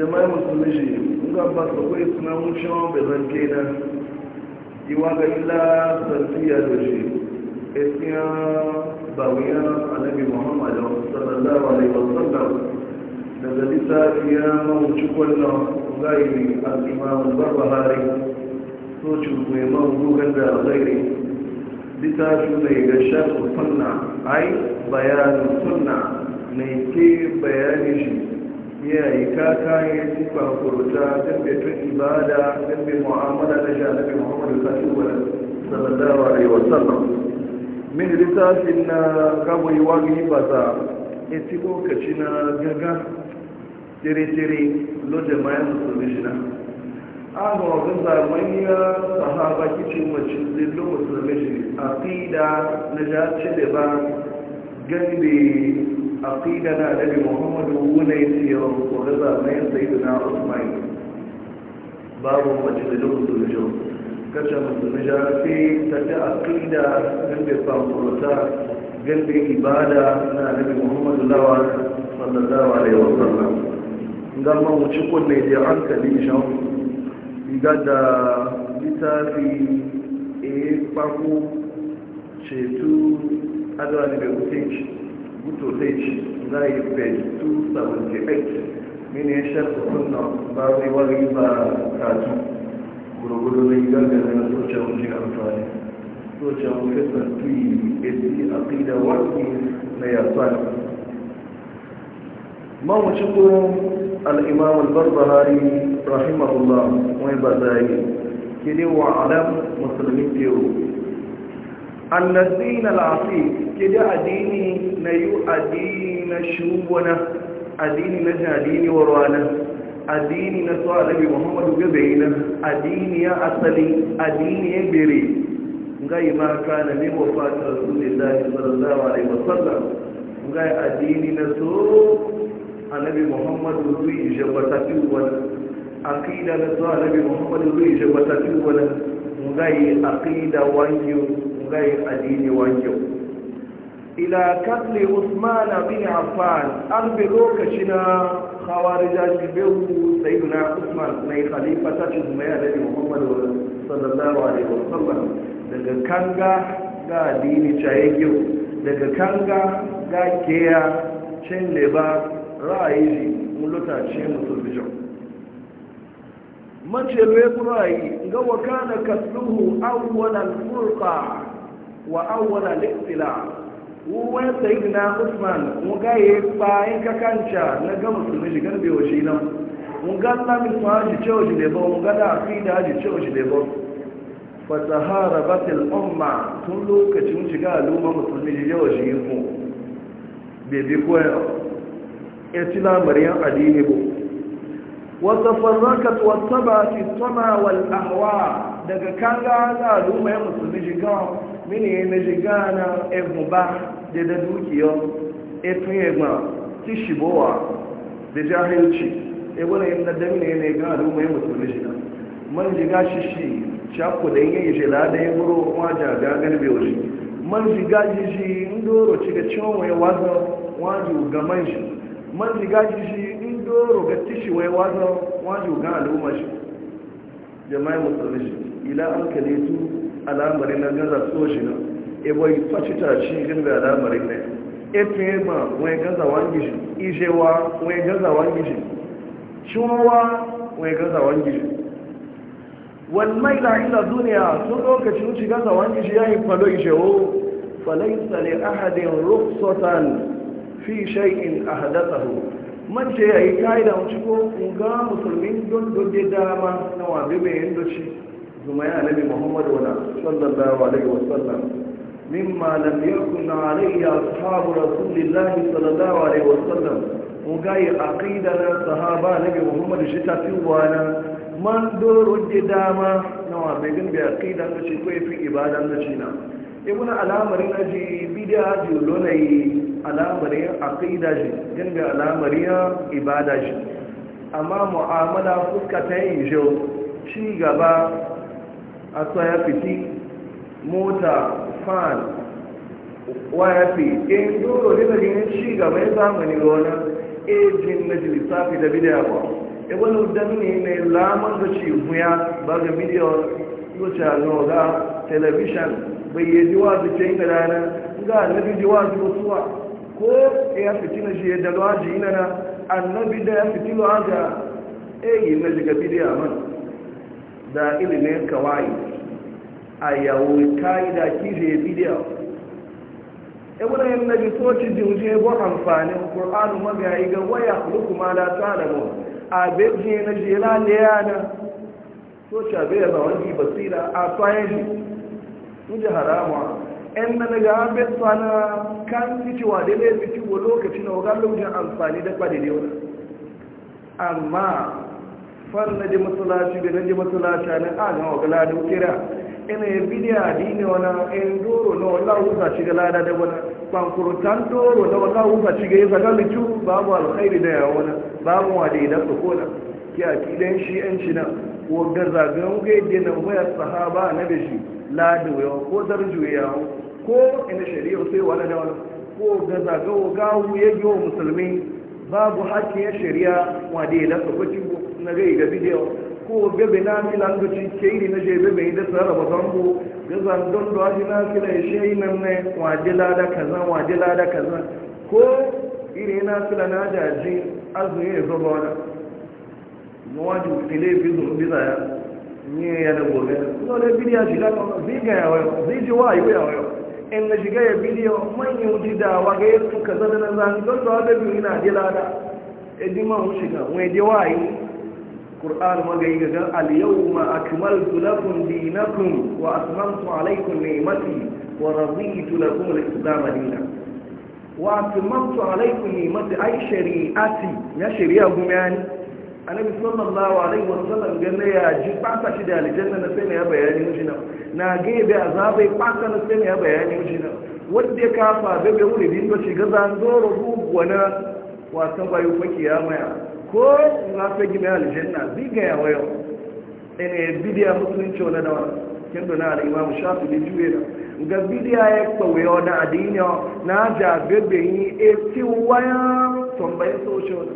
jama'i musulmi shi ga ba su kwai suna mushewa bai ke na iwa ga ila sarfiya da shi esiya bawiya nabi muhammad sallallahu alaihi wasallam daga lissafi ya mawuci kwallon gairi al'imamu barbahari so ci mai mawuci ne. gairi shi mai ga shafi sunna ai bayanin sunna mai ke bayanin shi kiyaye ka su sifa kurta don betun ibada don bai mu'amala da janabi muhammadu kasuwa sallallahu alaihi sallam min littafin na gabai wani ba za a ti lokaci na gaga tere-tere lojin mayan musulmi shi na an ga wajen zamaniya sahaba kicin mace zillo musulmi shi a fi da na jace da ba gani aqida na annabi muhammadu wuna ya ce yawan kore zamanin sayyidina usman babu majalisun musulmi kace musulmi ja sai ta ta aqida nan da fankurta gande ibada na annabi muhammadu lawa sallallahu alaihi wasallam ngamma mu ci kunne da hankali shan iga da litafi e paku cetu adwa ne be kutinci guto zai ci za yi page 278 mini ya shafa sunna ba zai wari ba katu gurgudu zai na social media amfani social media tuyi esi aqida wani na yasan ma mu ci barbahari rahimahullah wani ba zai kidi wa alam musulmin biyu annasina al-afiq kidi addini na yi addini na shugwana addini na jadini warwana addini na su alabi muhammadu gabe na addini ya asali addini ya bere ngai ma kana ne wafata rasulullahi sallallahu alaihi wasallam ngai addini na so annabi muhammadu zai jabata fi wani aqida na so annabi muhammadu zai jabata fi wani ngai aqida wangiyo ngai addini wangiyo. ila katli usman bin affan arbe lokaci na khawarija shi bewu sayyidina usman mai khalifa ta ci ya da muhammadu sallallahu alaihi wasallam daga kanga ga addini chaye daga kanga ga keya cin leba ra'ayi mun lota ce musulmi mace leburai ga wakana kasluhu awwalan furqa wa awwalan ikhtilaf wuwan sayidu na usman nga ya fa in ka kanca na ga musulmi shigar bai wa shi nan nga na min fa ji cewa shi lebo nga da fi da ji cewa shi lebo fa sahara batil umma tun lokacin shiga al'umma musulmi ji yawa shi ko bebe ko ya ci lamarin addini ko وتفرقت واتبعت الطمع والأهواء daga kanga za a lumaya musulmi ga. mini e e na shiga na egun ba da da dukiyo etun egun ti shibowa da jahilci ebona yin da mini ne ga al'umma yin musulmi shiga man shiga shishi shakku da yin yi jela da yin wuro waja ga garbe wuri man ga shishi in doro ciga ciwon wai wazo waju ga man shi man shiga shishi in doro ga tishi wai wazo waju ga al'umma shi jama'i musulmi shi ila an kale tu al'amari na gaza soji na ebo ifacita shi gani da al'amari na efe ma wani gaza wangi shi wa wani gaza wangi shi wa wani gaza wangi shi mai da ila duniya sun lokaci wuce gaza wangi shi yayin falo wo Falai, tsale ahadin rufsotan fi shay'in ahdathahu man ce yayi kaida wuce ko ga musulmin don dodde dama na wabe mai yin doci zuma ya muhammadu muhammad wala sallallahu alaihi wasallam mimma lam yakun alayhi ashabu rasulillah sallallahu alaihi wasallam mugayi aqida na sahaba nabi muhammadu shi ta fi wana man doro je dama na wa begin bi aqida na shi ko fi ibada na shi na ibn alamari na ji bidiya ji lona yi alamari aqida shi. gin bi alamari ibada shi. amma mu'amala fuska ta yin jo ci gaba asa ya fiti mota fan waya fi in doro ne daga yin ci gaba ya zamani rona ejin na jilisafi da bidiya ba e wani dan ne mai lamar da ci huya ba ga bidiyo yuta noga television bai yi jiwa su ce inda rana ga annabi jiwa su suwa ko e ya fiti na shi ya dalwa ji na annabi da ya fiti lo aga e yi na jiga bidiya mana da ilimin kawai a yawon ka'ida kije bidiyo e ibn yin na bitoci jinje bu amfanin ƙur'anu magayi ga waya ma da mu. a beji na jela liyana soci a bai zawon wani basira a tsayen shi inji haramuwa yan na daga abin tsana kan wa da ne wa lokaci na wagar lokacin amfani da kwadide amma farna na masalaci da na ji masalaci na a wa wagala da kira ina ya bidiya dini wana ɗin doro na wala wuta ci ga lada da wana bankurutan doro na wala wuta ci ga yi zaga ba babu alkhairi da ya wana babu wa da idan su kona ki a kidan shi yan ci na gaza zagayen ga yadda na wayar sahaba na da shi lada wa ko zarjuya ko ina shari'a sai wala da ko ga zagawo gawo ya yi musulmi babu hakkin shari'a wa da idan su kwaci na gai ga bidiyo ko bebe na filan da ci ke na je bebe da tsara ba zan bu ga don da aji na fila ya shi nan ne wajila lada kaza wajila lada kaza ko iri na fila na daji azumi ya zaba wani na wajen bi bizon bi zaya ni ya da gobe dole bidiyo shiga kama ga ya wayo zai ji wa yi ya wayo in na shiga ya bidiyo manyan jidawa ga yadda kaza da na zan don da wajen biyu na je lada edima mun shiga wani je yi ƙur'an magayi gagan al-yawma akmaltu lakum dinakum wa atmamtu alaykum ni'mati wa raditu lakum al-islam dinan wa atmamtu alaykum ni'mati ay shari'ati ya shari'a gumani annabi sallallahu alaihi wa sallam ganna ya ji fata shi da aljanna na sai ya bayani mishi na na ga da azabai fata na sai ya bayani mishi na wanda ka fa da wuri din ba shi ga zan zo rubu wana wasan bayu fakiya maya ko na fi gina aljanna ga yawo wayo ene bidiya musulunci wani da wani kin dona da imam shafi da juwe da ga bidiya ya kwawe na adini na ja bebe yi e ti waya tambayin social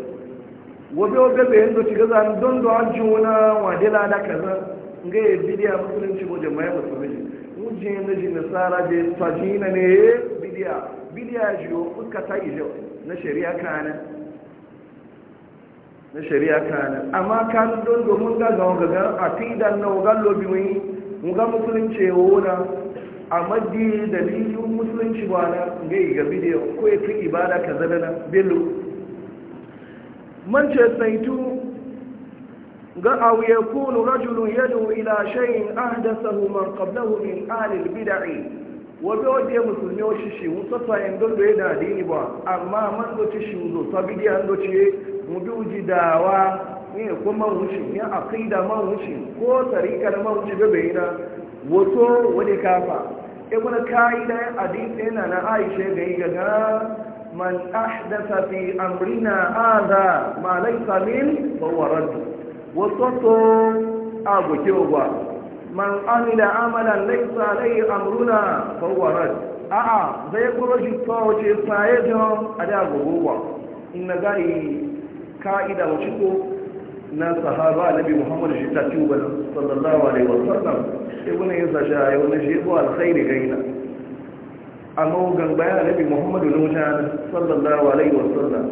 wobe wa bebe yin doci gaza don do an juna wa dila da kaza Nga ya bidiya musulunci ko jama'a musulunci mujin na jin nasara je tajina ne bidiya bidiya jiyo kuka ta ijo na shari'a kana na shari'a kanin amma kanin don domin gaga wagaga a fidan na wagan lobi mai muga musulunci wona a maddi dalilin musulunci ba na ga yi ko ya fi ibada ka zana na bello man saitu ga aw yakunu rajulun yadu ila shay'in ahdathahu man qablahu min alil al wabi wadda ya musulmi wa shi shi sasa yan don da ya da dini ba amma man do shi wuzo sabidiyar doci mu bi uji dawa ne ko man ne ya aqida man wuce ko tarikar man wuce da na? wato wani kafa e kuna kaida hadisi yana na Aisha ga yi gaga man ahdatha fi amrina hadha ma laysa min fa huwa radd a agoke ba man amila amalan laysa alayhi amruna fa huwa a'a zai kuma shi to ce sai da ada gogowa in na gari ka'ida wa ciko na sahaba nabi muhammad shi ta ci wa sallallahu alaihi wa sallam ibn yasa sha ya wani shi zuwa alkhairi gaina amma ugan bayan nabi muhammad ne ta sallallahu alaihi wa sallam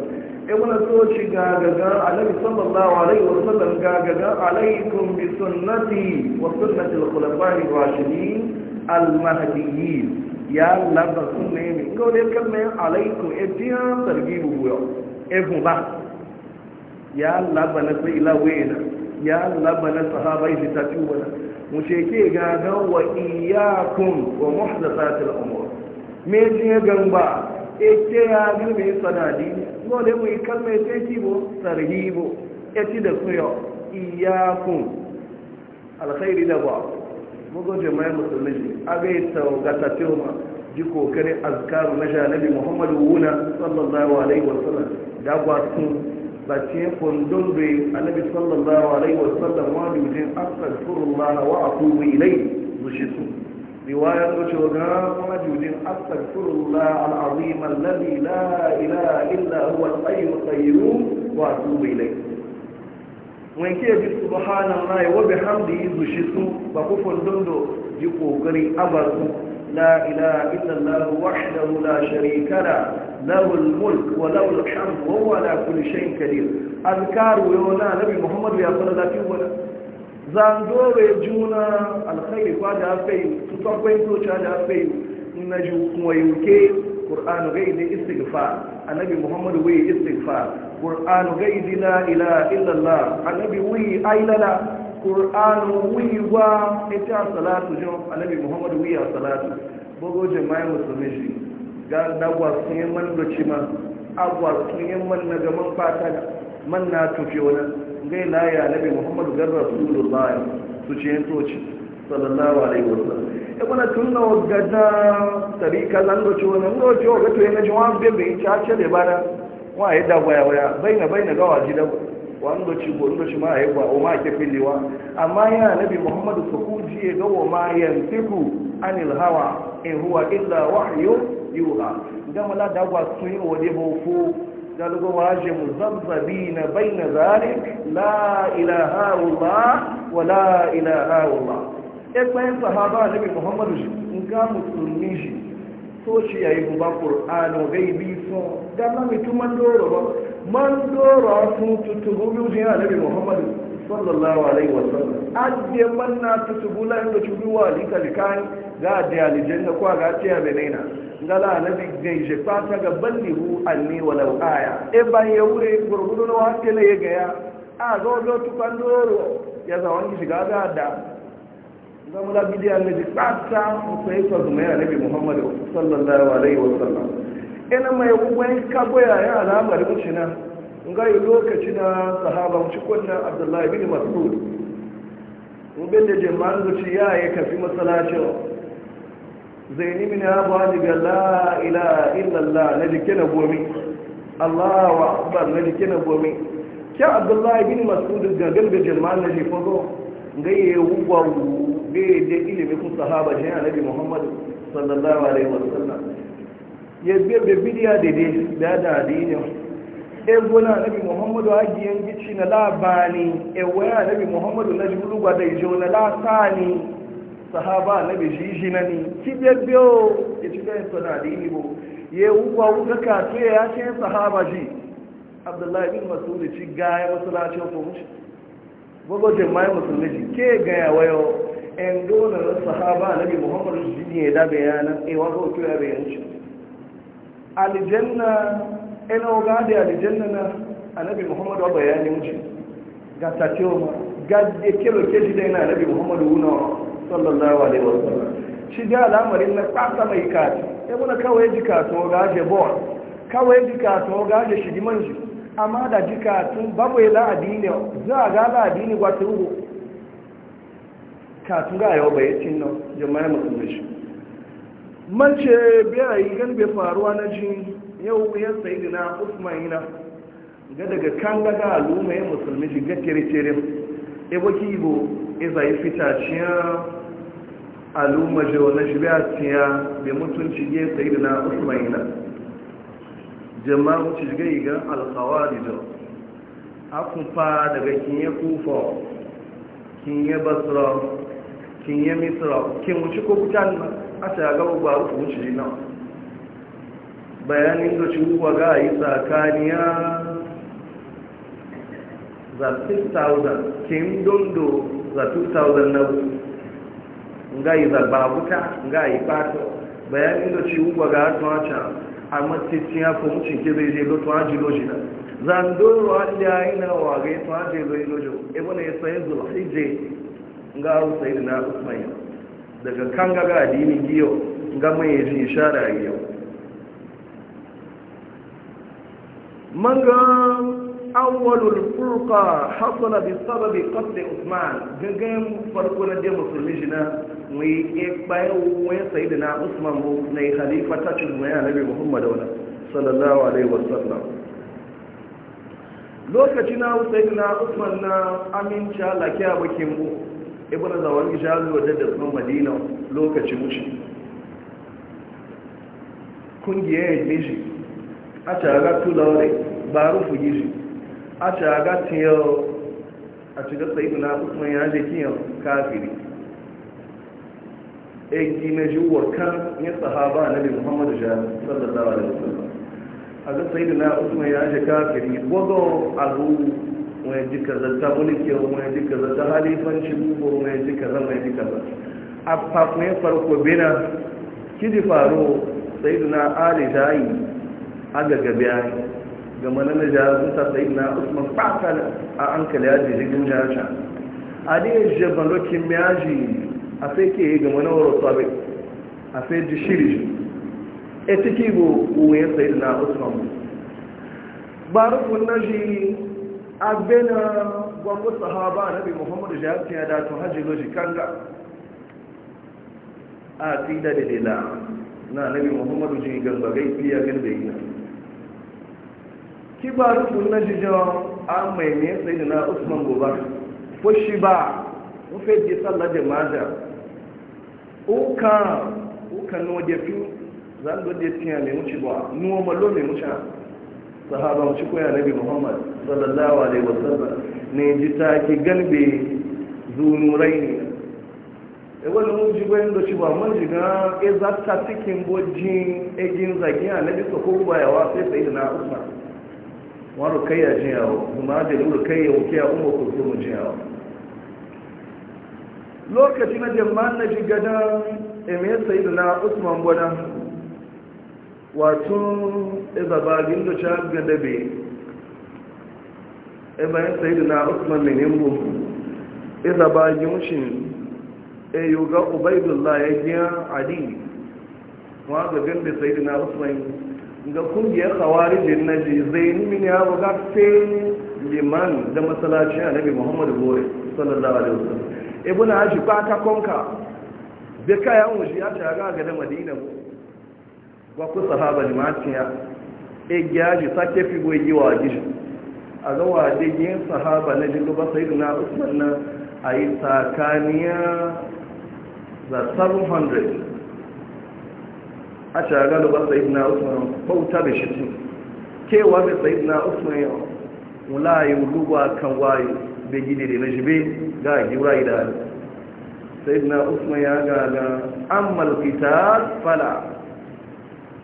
so shi ga gaga annabi sallallahu alaihi wa sallam ga alaikum bi sunnati wa sunnati al-khulafa'ir rashidin al-mahdiyyin ya labba sunne ne mi ngode kalmar alaikum etiya targibu yo fun ba ya laba na sai ilawe na ya laba na sahabai da tafi wani mushe ke gaga wa iyakun wa muhdasatil umur me je gamba e ce ya gilbe sanadi dole mu yi kalmar ce sarhi bo e ci da su yo iyakun alkhairi da ba mu go je mai musulmi a ga yi taugata tilma ji kokarin azkaru na janabi muhammadu wuna sallallahu alaihi wasallam da gwasun zace kundin bai annabi sallallahu alaihi wasallam wani mutum astaghfirullah wa atubu ilai zushi su riwayar ce ga wani mutum astaghfirullah al'azim alladhi la ilaha illa huwa al-hayy qayyum wa atubu ilai wani ke bi subhanallahi wa bihamdihi su ba ku kundin do ji kokari abasu لا إله إلا الله وحده لا شريك له له الملك وله الحمد وهو على كل شيء قدير أذكار ويونا نبي محمد يقول لك ولا زاندور جونا الخير قد أفيد تطبين توش على أفيد نجو ويوكي قرآن غير استغفار النبي محمد وي استغفار قرآن غير لا إله إلا الله النبي وي أي لا ƙur'anu wiwa ita salatu jin annabi muhammadu wuyi a salatu bugu jama'i musulmi shi ga dagwa sun yi man doci ma agwa sun yi man na gaman fata man na tufi wani gai laya annabi muhammadu Garba su yi lullahi su ce yin toci sallallahu alaihi wasallam ya kuna tun na gada tari kallon doci wani wani doci wa gato yana jiwa bebe ita ce da bana wa ya dagwa ya waya bai na bai na gawa ji dagwa wanda ci ko ndo ci ma ya ba o ma ke fillewa amma ya nabi muhammad sakuji ya ga wa ma yantiku anil hawa in huwa illa wahyu yuha gama la dagwa sun yi wa debo fu da lugo waje muzabbina baina zalik la ilaha illa wa la ilaha illa e kwayin sahaba nabi muhammad in ga musulmi shi so shi yayi guba qur'ano gaibi so gama mutumin doro ba man dora sun tutubu biyu jin annabi muhammadu sallallahu alaihi wasallam ajiye man na tutubu la yau da cubi wa alika likani ga ajiye alijanna ko ga ce ya benena ngala annabi gai je fata ga ballihu anni walau aya e ban ya wure gurgudu na wake ne ya gaya a zo zo tukan doro ya za wani shiga ga da zamu da bidiyar ne ji fata ko sai fa zuma ya annabi muhammadu sallallahu alaihi wasallam ina mai wani kagoya ya alamar wuce na ngayi lokaci na sahaba wuce kwanan abdullahi bin masud ubin da jama'an zuci ya yi kafi matsalacin zaini min abu daga Laila ila na jike na gomi allah wa akbar na jike na gomi kyan abdullahi bin masud gagan da jama'an na jifago ngayi ya wugwa bai da ilimin sahaba jini annabi muhammadu sallallahu alaihi wasallam ya bebe bidiya daidai da da ya ebo na nabi muhammadu agi yan gici na labani ewe waya nabi muhammadu na jibulugwa da ijo na lasani sahaba nabi jiji na ni kibe biyo ya ci kayan sana adini bu ya wuwa wuka kato ya yake sahaba ji abdullahi bin masudi ci gaya masalacin fomushi gbogbo jama'i musulmi ji ke gaya wayo en gona na sahaba nabi muhammadu jini ya da bayanan ewa ko bayan bayanan alijanna ina oga da alijanna na annabi muhammad wa bayani mushi ga tatewa ma ga da kero ke shi da yana annabi muhammad wuna sallallahu alaihi wasallam shi da al'amarin na kwasa mai kati ya muna kawai jika to ga je bon kawai jika to ga je shi man shi amma da jika tun babu ila adini za a ga la adini gwata ugo katun ga yau bai cin nan jama'a musulmi shi man ce biya yi gan bai faruwa na jin yau ya sayi na usman yana ga daga kan daga al'umma ya musulmi shiga tere kere ebo kibo iza e yi fita ciya al'umma jiwa na shi biya ciya bai mutunci ya sayi na usman yana jama'u ci shiga yi gan alkawa da jau akufa daga kinye kufa kinye basra kinye misra kin wuce ko kutan a ta ba rufu wuce na bayanin da cikin ga yi tsakaniya za 6,000 kin dondo za 2,000 na nga yi zaba wuta nga yi fata bayanin da cikin ga a tuwaca a matitin ya fi wucin ke zai je lotuwa jiloji na zandoro wanda yi na wagai tuwaje zai lojo ebe na ya sayi zulhijje ga hausa yi na usman daga kan gaga adini giyo ga mai ya ji ishara a giyo man ga awwalul furqa hasala bi sababi qatl usman gagan farko na dai musulmi shi na mai ya bayan wani sayyidina usman mu yi khalifa ta cin mai annabi muhammad wala sallallahu alaihi wasallam lokaci na sayyidina usman na aminci Allah kiya bakin mu ibn zawon shalu wadda da kuma madina lokaci wuce kungiyar shi a caga tulare ba rufu gishi a caga tiyar a cikin tsayi na usman ya je kiyan kafiri egi na jiwuwar kan ya sahaba na bin muhammad shalu sallallahu alaihi wasallam a ga tsayi na usman ya je kafiri a zuwa mai ji zata ta mai jika ji kaza ta ko mai ji kaza mai ji kaza a fakwai farko bina kiji faro sai na ali jayi a daga biyani ga manana jarunta sai na usman fata a an kala yaji jirgin jarunta a ne jaban lokin miyaji a sai ke yi ga manawar otobe a sai ji shiri e ciki go uwe sai na usman ba rufin na shi abena gwamnati sahaba nabi muhammadu shahabtin ya dato hajji zo kanga a tida da dila na nabi muhammadu ji gambagai fiya gan da yi ki ba rufu na jijo a mai ne sai da na usman gobar ko shi ba rufe ji sallar jama'a uka uka no da fi zan do da tiya mai wuce ba nuwa malo mai wuce sahaba mu koya nabi muhammad sallallahu alaihi wasallam ne ji ta ki galbe zunurai ne e wannan mun ji bayan da shi ba mun ji ga e za ta cikin bojin egin zagi a nabi ko ba yawa sai sai na usma wa rukayya jin yawo kuma da rukayya wuke ya umma ko kuma jin lokaci na jama'an na ji gadan e me sai na usman bodan wato watun izabagin da ta ga dabe e bayan sayidu na usman mai nimbo izabagin shi e ga ubaidullah ya giya adi wa ga gan da na usman ga kungiyar hawarijin na ji zai nimin ya buga fe liman da a nabi muhammad bore sallallahu alaihi wasallam ibn haji ba ta konka bai kayan wuji ya ta ga ga madina mu ba sahaba ne ma ya e gyaji sake fi goyi wa gishi a ga wa yi sahaba na jigo ba sai na usman na a yi tsakaniya za 700 a shagalu ba sai na usman bauta da shi tun kewa da sai na usman ya mulayi lugwa kan wayo bai gidi da na jibe ga giwa idanu sai na usman ya gaga an malfita fala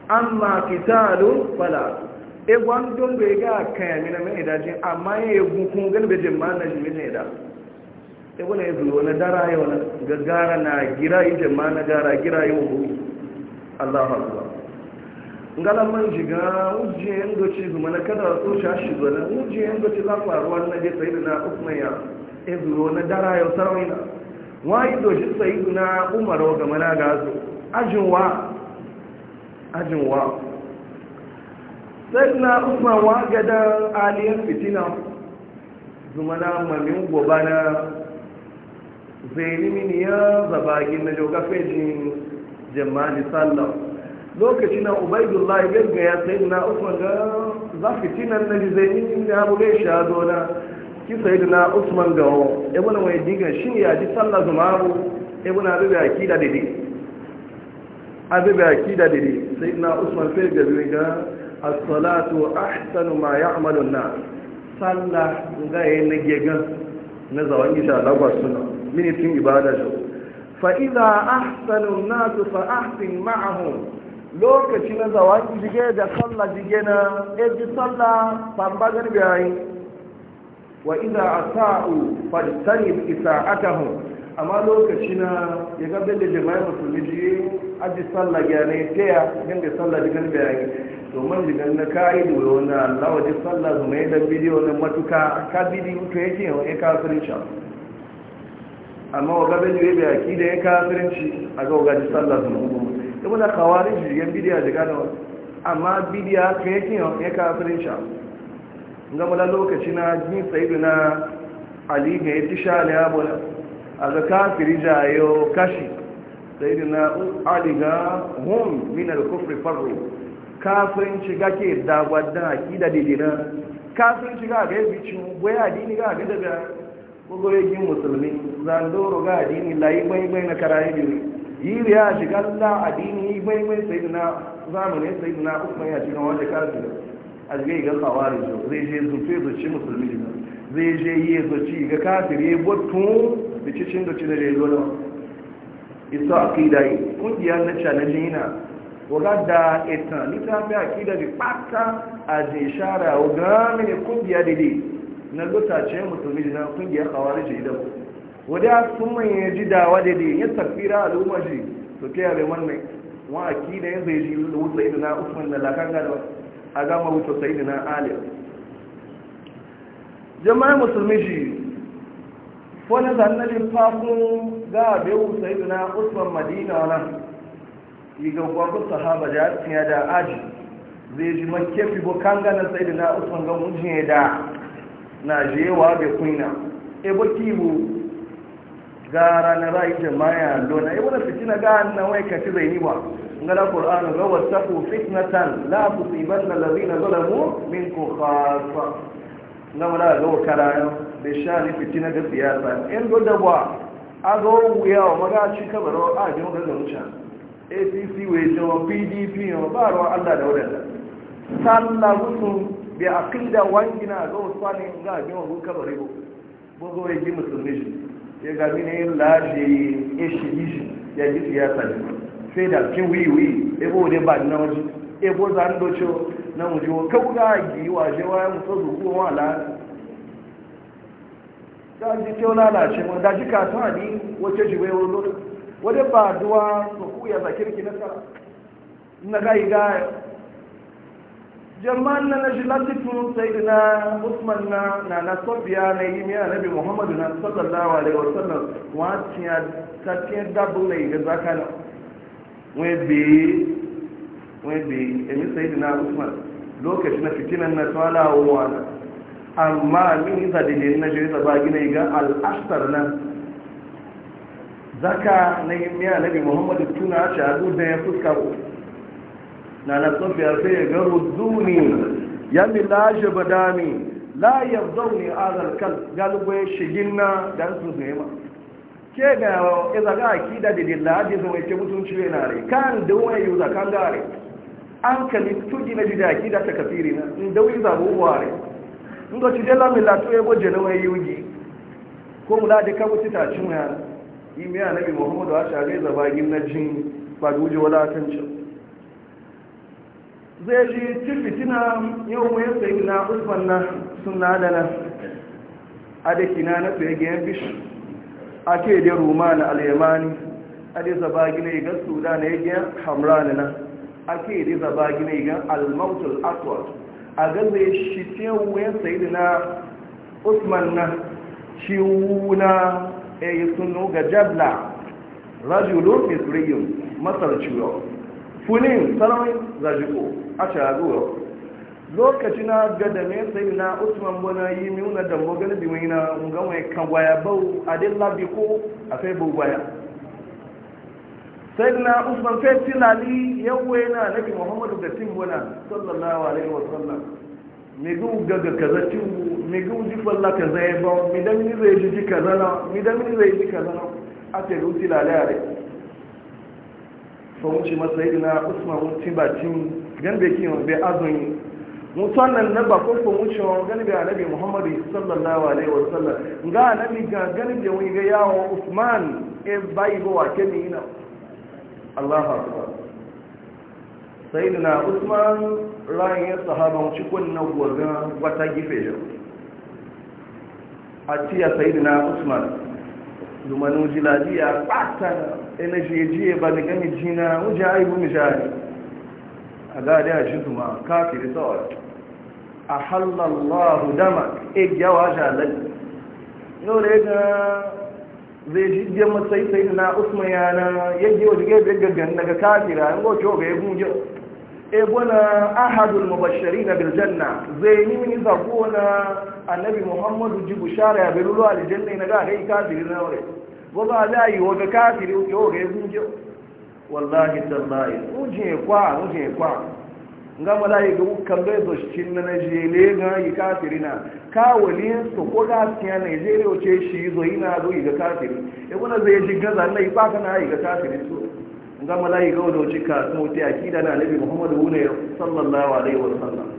amma kitalu fala e gwandon bai ga kaya mina mai idajin amma ya yi gukun gan bai jin ma'ana shi jimin ida e, e wani ya e zuwa na dara ya wani gaggara na gira yi jin na gara gira yi wuhu allahu akbar ngalan man jiga, ujiye yin doci zuma na kada su sha shi zuwa na ujiye yin doci za faruwa na je sai da na usman ya e zuwa na dara ya sarawina wani doci sai na umaru ga mana gazo ajin wa ajinwa sai na usman wa gadan aliyar fitina zumana mamin gobana zai mini ya zabagin na jokafejin jamani sallam lokacin na ubaidullahi gaggaya sai na usman ga za fitinan na zai mini ya bugai shado na ki sai na usman ga ibn e mai diga shi ya ji sallah zumaru ibn abi akida dede abi akida dede sai na usman sai gabi ga as-salatu ahsanu ma ya'malu an-nas sallah ga yayin nage gan na zawan isha Allah ba suna minitin ibada jo fa idza ahsanu an-nas fa ahsin ma'ahum lokaci na zawan jige da sallah jige na ji eji sallah pambagar bai wa idza asa'u fajtanib isa'atahum amma lokaci na ya gabe da jama'a musulmi aji sallah gyane taya gan da sallah jigan bayani to man jigan na kai da wani Allah waje sallah zuma ya dan bidiyo na matuka ka bidi to yake yau ya shi amma wa gaban yi bai aki da ya shi, a ga wa sallah zuma Ibu na kawarin jirgin bidiyo jiga da wani amma bidiyo ka yake yau ya kafirinci gama da lokaci na jini tsayidu na ali ne ya ci sha ne abu a ga kafiri jayo kashi sayyidina ali ga hum min al-kufr farru kafirin shiga ke dagwadda akida didina kafirin shiga ga yi cin boya adini ga ga daga gogo yin musulmi zandoro ga addini layi bai bai na karaye biyu yiri ya shiga la addini bai bai sayyidina zamanin sayyidina usman ya shiga wanda kafir azgai ga khawarij zai je zufe zuci musulmi zai je yi zuci ga kafir ya botun bicicin da cin da ya zo isa akida yi kungiyar na challenge na wadda etan littafi akida bi pata a je shara wadda mini kungiya dide na lutace musulmi na kungiyar kawari ji da wadda sun manye ji dawa dide ya tafira al'umma ji to ke yare wannan wa akida ya zai ji wuta na usman da lakanga da a gama wuta sai idina alif jama'a musulmi ji wani zannanin fafin ga bewu sayidu na usman madina nan iga gwagwar sahaba da hatsin ya da aji zai ji makke fi bukan ganin sayidu na usman ga mujin ya da na jewa da kuina ebo kibu ga ranar rayu jama'a lona ebo na fitina ga na wai kaci zai niwa ba ngala qur'anu ga wasafu fitnatan la tusibanna allazina zalamu minkum khassa ngala ga karayo da shani fitina ga siyasa in godda ba aga wuya wa magaci kabarwa a ji maka wuce acc wai wa pdp wa ba ruwan allah da wadanda sallah musu bi aqida wangina ga usmani ga ji maka kabari ko bogo ya ji musulmi shi ya ne yin lashe yi shi, e ya ji siyasa ne sai da kin wiwi wi ebo ne ba na waje ebo zan doce na mu wa ko kabuga yi wa je wa ya musu zuwa wala daji kyau lalace mu daji kasuwa ni wace ji bai wani wadda ba duwa su kuya za kirki na sara na ga iga jama'an na na jilatitu sai na usman na na na sobiya na yi miya muhammadu na sallallahu alaihi wasallam wacin ta tiyar dabu na iga zaka na webe webe emi sai da usman lokacin na fitinan na tsala wa na? amma min za da na shi ta ba gina ga al'asar nan zaka na yi miya na nabi muhammadu tuna shahadu da ya fuska ku na na tsofiya sai ya ga ruzuni ya mi lashe dami la ya zaune a kal galibu ya shigin na dan su zai ma ke ga iza ga akida da dilla hadisi mai ke mutunci cire na rai kan da wani yuza kan gare an kalli tuji na jidaki da ta kafiri na in da wani zabubuwa ndo ti dela mi latu ebo jene wa yugi ko mu lade ka wuti ta cin ya imi nabi muhammadu a share zaba gin na jin ba duje wala tancin zai ji ci fitina yau mu ya sai na usman na sunna da na ade kina na to yage bish a ke da roma na alemani a da zaba gina yi gan sudan na yi na Ake da zaba gina ga Al mautul aswad a gaza shi tewuyen sayidu na usman na ciwuna eh, ya yi suno ga jabla rajulun rigin masar ciwo funin sarari zajiko a shagoro lokaci na gada mai sayi na usman bana yi miuna da mogali biyu na ngawai kan waya bau a dilla ko a sai bau waya sayyidina usman fai tilali yawai na nabi muhammadu da timbuna sallallahu alaihi wasallam mi gu gaga kaza tiwu mi gu ji falla kaza ya ba mi dan ni zai ji kaza na mi dan ni zai kaza na a ce gu tilali a fa wuce masa yi na usman wuce ba cin gan da kiyon bai azun mutuwan nan na bakon fa wuce wa gan bai anabi muhammadu sallallahu alaihi wa sallam ga anabi ga gan bai wani ga yawo usman e bai ba wa ke Allah akbar sayyidina Usman ran ya sahaban cikon na gwaga wata gife yau a tiya sayyidina Usman zumanu jiladiya fata energy jiye ba da gani jina wuje aibu mishari, a gadi a shi zuma kafin tsawar a hallallahu dama e gyawa shalar yau da ya zai je masai sai na usman yana yadda yau jigai bai gaggan daga kafira an go ga ya guje e bona ahadul mubashirin bil biljanna zai yi mini ko na annabi muhammadu ji bushara ya bilu janna na ga kai kafiri na go ba za a yi wa ga kafiri u cewa ya guje wallahi tallahi ujin kwa je kwa nga malayi ga wukan bai zo shi na najeriya ga yi kafiri na kawali su ko gaskiya najeriya ce shi zo yi na zo yi ga kafiri e ya kuna zai ji gaza na yi baka na yi ga kafiri su nga malayi ga wadda wuce kasu wuce a kida na nabi muhammadu wune sallallahu alaihi wa sallam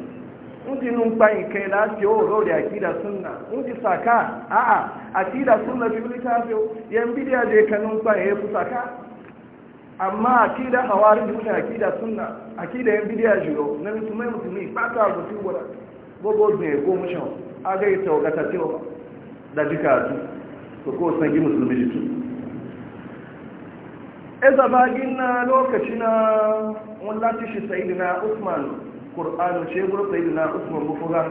in ji numfayin kai lafiya wa gaudi akida sunna in ji saka a'a akida sunna ta fiyo yan bidiya je ka numfayin ya fi saka amma akida hawari da mutane akida sunna akida yan bidiya jiro na musulmai musulmi ba ta rubutu gwada gogo ne goma shan agai taugata cewa da jika su ko san gi musulmi jitu eza bagin na lokaci na wallaci shi na usman Kur'anu ce gurin na usman bufuga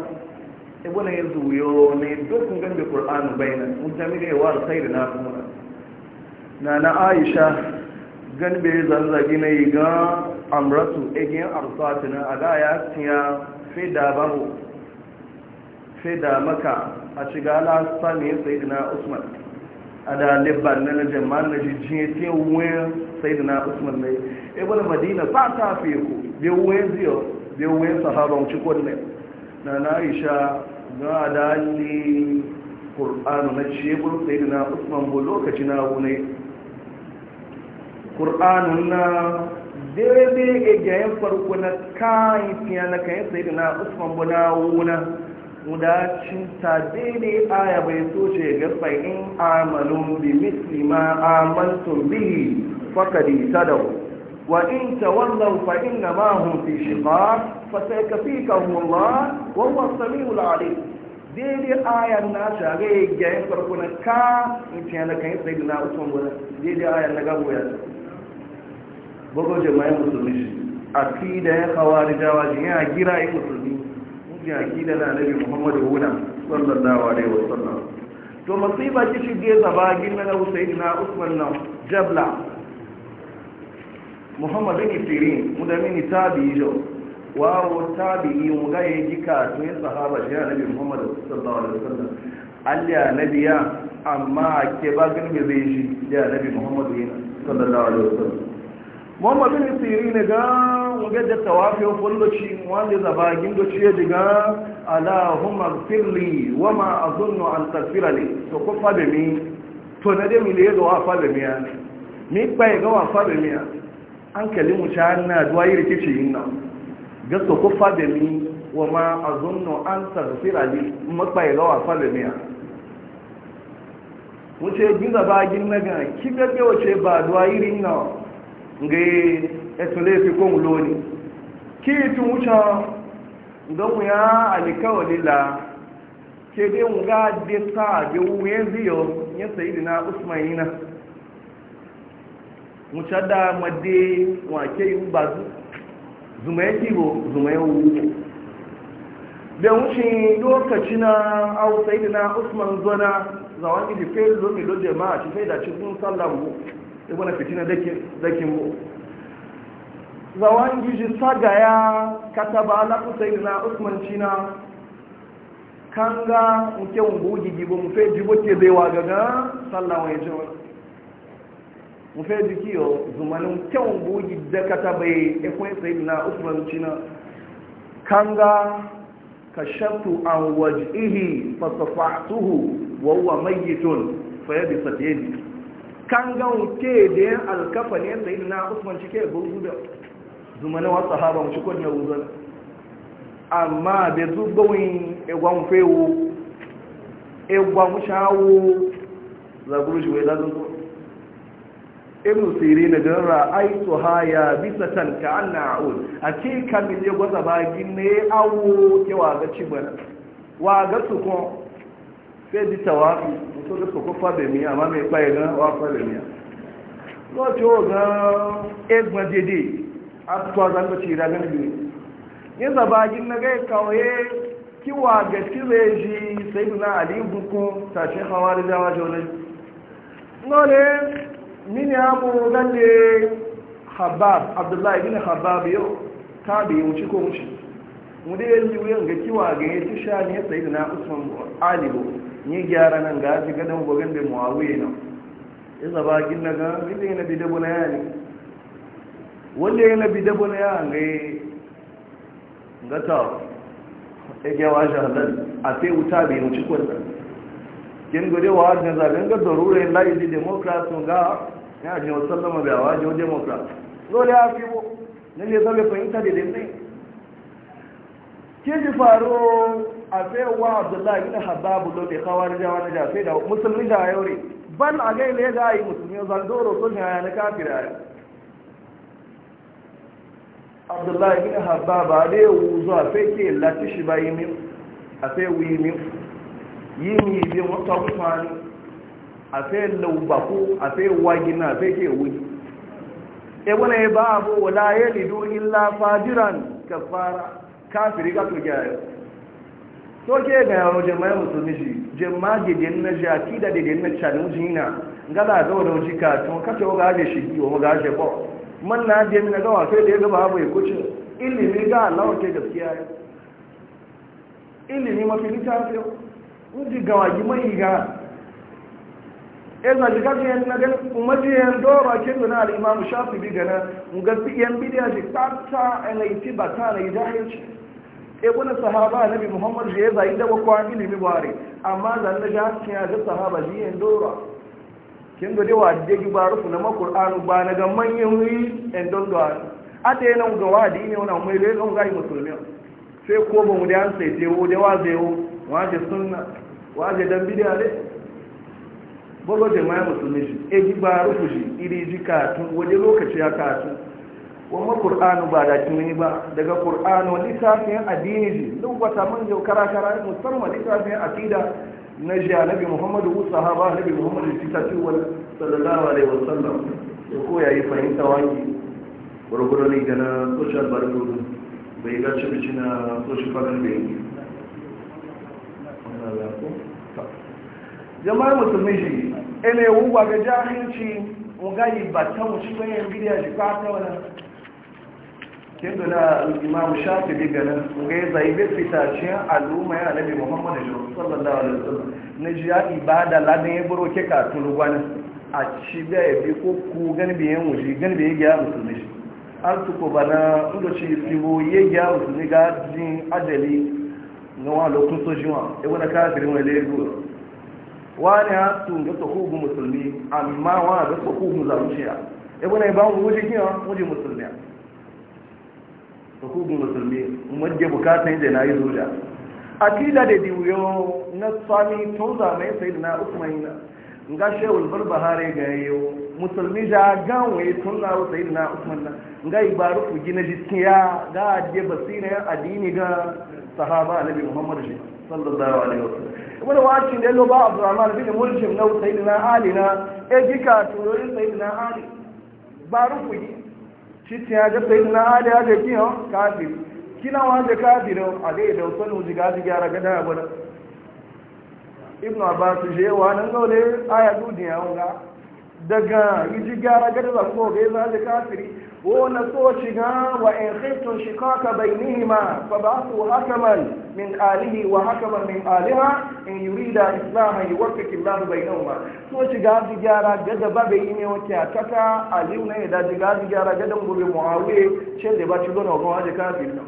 ibu na yanzu wuyo ne dokun gambe kur'anu bayanan mutane da yawa na kuma na na aisha ganbe zarzagi zanzagi na yi gan amratu egin arsatunan a ga ya tiya fi da babu fi da maka a shiga lasta ne sai dina usman a da libban na jaman na jijiyar te wuyan sai dina usman mai ebola madina ba ta fi ku bi wuyan ziyo bi wuyan saharon cikon ne na na isha ga adali Kur'an na na cebur sai dina usman bu lokaci na wune ƙur'anun na daidai a jayen farko na kayan fiya na kayan sai da na usman buna wuna ta daidai aya bai so ce ga fa'in amalun bi misli ma amaltun fakadi sadau wa in tawallaw fa inna ma hum fi shiqaq fa sayakfikahum Allah wa huwa as-sami'ul 'alim daidai ayan na shagaye ga yan farko na ka in ce na kan sai na usman buna daidai ayan na gabo ya bugu jama'in musulmi shi akida ya da jawa shi ya gira yi musulmi mutum da na nabi muhammadu huna sallallahu wa sannan. to masifa ki shi ge zaba gina na husaini na usman na jabla muhammadu ni sirin mudami ni tabi jo wawo tabi yi ga ya ji kato ya sahaba shi ya nabi muhammadu sallallahu alaihi wasallam allah nabiya amma ke ba gani zai shi ya nabi muhammadu yana sallallahu alaihi wasallam muhammadu bin siri ne ga wajen da tawafi wa fulloci wanda zaba gindoci ya diga ala humar firli wa ma a zunnu an tafira ne to ko fabe mi to na dai mile ga wafa da miya mi kpaye ga wafa da miya an kalli mu ta na duwa yi rikici yin nan ga to ko fabe mi wa ma a zunnu an tafira ne ma kpaye ga wafa da miya Mu wuce gina bagin naga kiga ce ba duwa irin rin nan ngé eto laifi kun loni ki tun wuce ndomu ya alikawali la ke dai nga de sa de wuyen yo ya sayidina usman yana wuce da wa ke yi ba zuma ya kibo zuma ya wuce da wuce lokaci na au na usman zona zawon ilife zo milo jama'a ci fai da cikin sallan ya bana fitina dakin bu zawon saga sagaya kataba ala kusaidina usman china kanga mke wumbu gigi bu mufe ke bewa gaga salla wa ji wani mufe jiki mke zumanin de kataba ya e, kwen saidina usman china kanga kashatu an waj'ihi fasafa'tuhu wa huwa mayyitun fayabisat yadihi kangan ke da yin alkafa ne yadda ina na usman cike gurgu da zumanin wasu sahaba mu cikin na wuzon amma da zubawin egon fewo egon shawo zaguru shi wai lazin so ibn siri na gan ra'ai su haya bisa can ka an na a'ul a ce kamin ya gwaza bagin ne awo ke waga cibana waga su kuma sai bi tawafi tó lè kòkó fàbẹ̀mí àmá mi pa ìná wà fàbẹ̀mí lọ́tí ó gan ẹgbọ́n dédé àtọ́ àzánlọ́tí ìrágán jù yin zaba gin na gai kawai kiwa ga kire shi sai na ali bukun tashin hawa da jawa jolai nole mini abu gande habab abdullahi bin habab yau ta bi wuce ko wuce mu dai yi wuyan ga kiwa ga ya ci sha ne sai na alibu ni gyara nan ga shi gadan gogan da muawiya nan iza ba kin daga ne yana bi dabo na yani wanda yana bi dabo na ya ga ngata e ga wa shahadan a sai wuta bai mu ci kwanda kin gode wa ga zagan ga zarurai in lai di democrat sun ga ya ji sallama ga wa jo democrat dole a fi bo ne ne zabe fahimta da dai kiji faro a wa abdullahi ibn hababu lobe kawar da wani da sai da musulmi da yaure ban a gai ne ga yi musulmi zandoro sun ya na kafira ya abdullahi ibn hababa ne wuzo a sai ke latishi ba yi min a sai wuyi min yi mi bi wata kwani a sai laubako a sai wagina a sai ke wuyi ebuna ya ba abu wala ya lidu illa fajiran kafara kafiri ka to gyara to ke ga yaro jama'a musulmi shi jama'a gidan na jaki da gidan na challenge na ngala ga wani wuce ka to ka to ga shi ko ga je ko man na je na ga da ya ga babu ya kuce ilimi ga ilimi mafi shafi ebuna sahaba nabi muhammad je zai da kwa ilimi bare amma zan da ga kin ga sahaba ji en dora kin gode wa de gi baru kuna ma qur'anu ba na ga manyan yi en don do a te nan ga wa di ne wannan mai le don ga musulmi sai ko ba mu da an sai tewo da wa zai wo wa je sunna wa je dan bidiya le bolo jama'a musulmi e gi baru ku shi iri ji katun waje lokaci ya katun wani ƙur'anu ba da kimi ba daga ƙur'anu littafin addini duk wata man jau kara-kara musamman littafin akida na jiya nabi muhammadu ku sahaba nabi muhammadu ci ta ciwon sallallahu alaihi wasallam ya koya yi fahimta wani gwargwaro ne ga na social barbudu bai ga cibici na social fagen da yi jama'ar musulmi shi ene wuwa ga jahilci mu gayi ba ta wuce bayan bidiyar shi ba wani kendo na imamu shafi diga nan ga ya zai bai fitacin al'umma ya alabi muhammad da sallallahu alaihi wasallam na ji ya ibada ladin ya buro ke katun rugwani a ci da ya bi ko ku gani bi yan wuji gani bi ya gya musulmi shi su ko bana na inda ci fibo ya gya musulmi ga jin ajali na wa lokun sojin wa ya e wani kafirin wani lagos wani ya tun ga sahubu musulmi amma wa ga sahubu zamuciya ya e wani ba mu wuji kiyan wuji musulmi hukumin musulmi wadda bukatan da na yi zuja akida da biyu na sami tun zamai sai na usman na nga shewul barbahare ga yau musulmi da ganwe tun na sai na usman na nga ibaru ku gina jiskiya ga ajiye basira addini ga sahaba annabi muhammad shi sallallahu alaihi wasallam wani wacin da loba abdurrahman bin mulkin na sayyidina ali na e gika turorin sayyidina ali baru ku titi ya ga sai na ali ya ga kiyo oh, kafir kina wa ga kafir oh, a ga da sun n'uji ga gyara ga da gwada, ibnu abbas je wa nan gole aya duniya wanga daga ji gyara ga da ko ga za ga kafiri ko na so shiga wa in khiftun shikaka bainihima fa ba'thu hakaman min alihi wa hakaman min aliha in yurida islaha yuwaffiq Allahu bainahuma so shiga da gyara gada babe ine wace tata aliu ne da shiga da gyara gada gobe muawiya ce da ba ci gona ko haje ka bi nan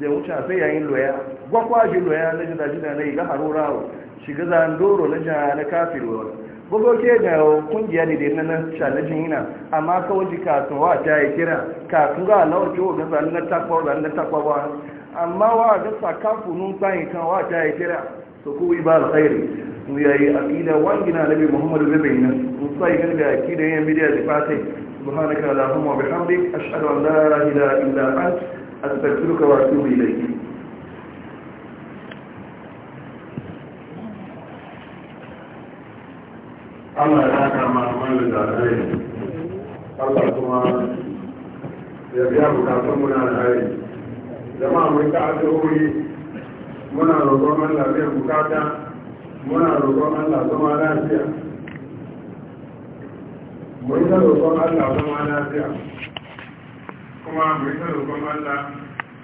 da wuce sai yayin loya gwa kwaji na jida jida ne ga harorawo shiga zan doro na jana kafiru bugo ke da kungiya ne da na nan challenge yana amma kawai ji kasu wa ta yi kira kasu ga lawo ki ga zan na takwa zan na takwa ba amma wa gasa sakafu nun sai kan wa ta yi kira to ku ba alkhairi mu yayi aqida wangina nabi muhammadu zabaina mun sai ga da aqida yan bidiya da fatai subhanaka allahumma wa bihamdik ashhadu an la ilaha illa anta astaghfiruka wa atubu laifi. Allah ya kama mana da alheri Allah kuma ya biya bukatun muna alheri jama'a mun ta addu'o'i muna roƙon Allah biya bukata muna roƙon Allah zama lafiya mun ta roƙon Allah zama lafiya kuma mun ta roƙon Allah